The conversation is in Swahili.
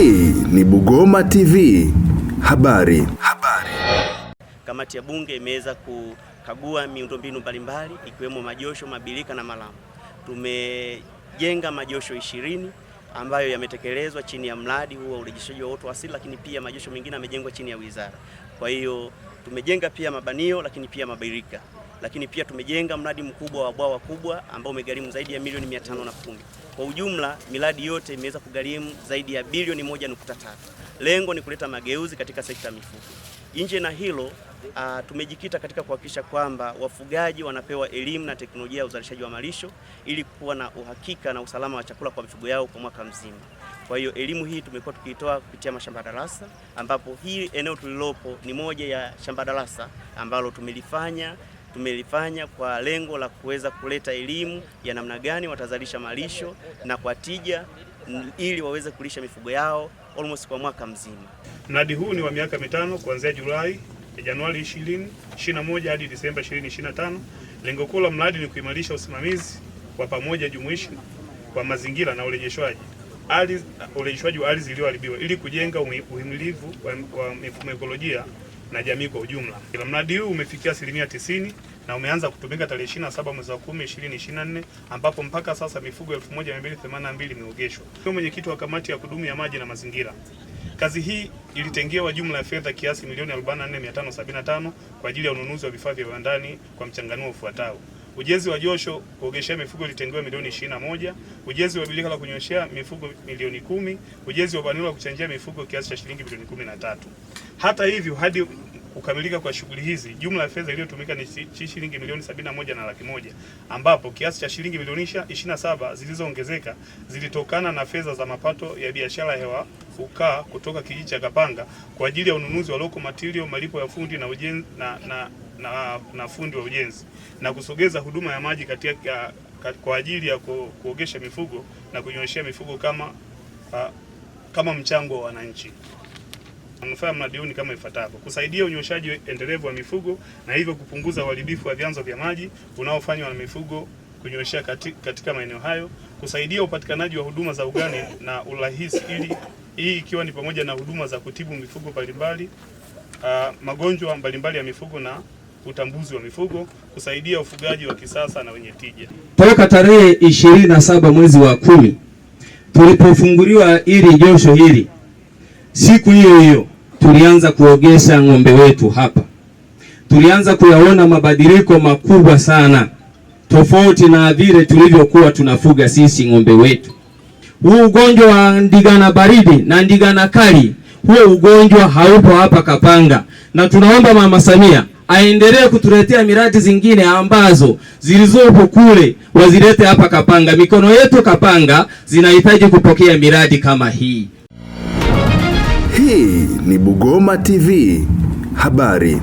Hii ni Bugoma TV. Habari. Habari. Kamati ya bunge imeweza kukagua miundombinu mbalimbali ikiwemo majosho, mabilika na malamu. Tumejenga majosho ishirini ambayo yametekelezwa chini ya mradi huu wa urejeshaji wa uoto wa asili, lakini pia majosho mengine yamejengwa chini ya wizara. Kwa hiyo tumejenga pia mabanio, lakini pia mabirika lakini pia tumejenga mradi mkubwa wa bwawa kubwa ambao umegharimu zaidi ya milioni kumi. Kwa ujumla miradi yote imeweza kugharimu zaidi ya bilioni tatu. Lengo ni kuleta mageuzi katika sekta ya mifugo. Nje na hilo Uh, tumejikita katika kuhakikisha kwamba wafugaji wanapewa elimu na teknolojia ya uzalishaji wa malisho ili kuwa na uhakika na usalama wa chakula kwa mifugo yao kwa mwaka mzima. Kwa hiyo elimu hii tumekuwa tukiitoa kupitia mashamba darasa, ambapo hii eneo tulilopo ni moja ya shamba darasa ambalo tumelifanya tumelifanya kwa lengo la kuweza kuleta elimu ya namna gani watazalisha malisho na kwa tija ili waweze kulisha mifugo yao almost kwa mwaka mzima. Mradi huu ni wa miaka mitano kuanzia Julai Januari 2021 hadi Disemba 2025. Lengo kuu la mradi ni kuimarisha usimamizi wa pamoja jumuishi wa mazingira na urejeshwaji ardhi, urejeshwaji wa ardhi iliyoharibiwa ili kujenga uhimilivu wa mifumo ekolojia na jamii kwa ujumla. Mradi huu umefikia asilimia tisini na umeanza kutumika tarehe 27 mwezi wa 10 2024, ambapo mpaka sasa mifugo 1282 imeogeshwa. Kwa mwenyekiti wa kamati ya kudumu ya maji na mazingira, kazi hii ilitengewa jumla ya fedha kiasi milioni 44575 kwa ajili ya ununuzi wa vifaa vya viwandani kwa mchanganuo ufuatao: Ujenzi wa josho kuogeshea mifugo ilitengewa milioni 21, ujenzi wa bilika la kunyoshea mifugo milioni kumi, ujenzi wa banio la kuchanjia mifugo kiasi cha shilingi milioni tatu. Hata hivyo hadi kukamilika kwa shughuli hizi jumla ya fedha iliyotumika ni shilingi milioni sabini na moja na laki moja ambapo kiasi cha shilingi milioni ishirini na saba zilizoongezeka zilitokana na fedha za mapato ya biashara hewa wafukaa kutoka kijiji cha Kapanga kwa ajili ya ununuzi wa loko material, malipo ya fundi na ujenzi na, na na, na fundi wa ujenzi na kusogeza huduma ya maji katika kwa ajili ya ku, kuogesha mifugo na kunyweshea mifugo kama, uh, kama mchango wa wananchi. Manufaa ya mradi huu ni kama ifuatavyo: kusaidia unyoshaji endelevu wa mifugo na hivyo kupunguza uharibifu wa vyanzo vya maji unaofanywa na mifugo kunyweshea katika, katika maeneo hayo; kusaidia upatikanaji wa huduma za ugani na urahisi, ili hii ikiwa ni pamoja na huduma za kutibu mifugo mbalimbali, uh, magonjwa mbalimbali ya mifugo na utambuzi wa mifugo kusaidia ufugaji wa kisasa na wenye tija. Toka tarehe ishirini na saba mwezi wa kumi tulipofunguliwa ili josho hili, siku hiyo hiyo tulianza kuogesha ng'ombe wetu hapa. Tulianza kuyaona mabadiliko makubwa sana, tofauti na vile tulivyokuwa tunafuga sisi ng'ombe wetu. Huu ugonjwa wa ndigana baridi na ndigana kali, huo ugonjwa haupo hapa Kapanga, na tunaomba Mama Samia aendelee kutuletea miradi zingine ambazo zilizopo kule wazilete hapa Kapanga. Mikono yetu Kapanga zinahitaji kupokea miradi kama hii. Hii ni Bugoma TV habari.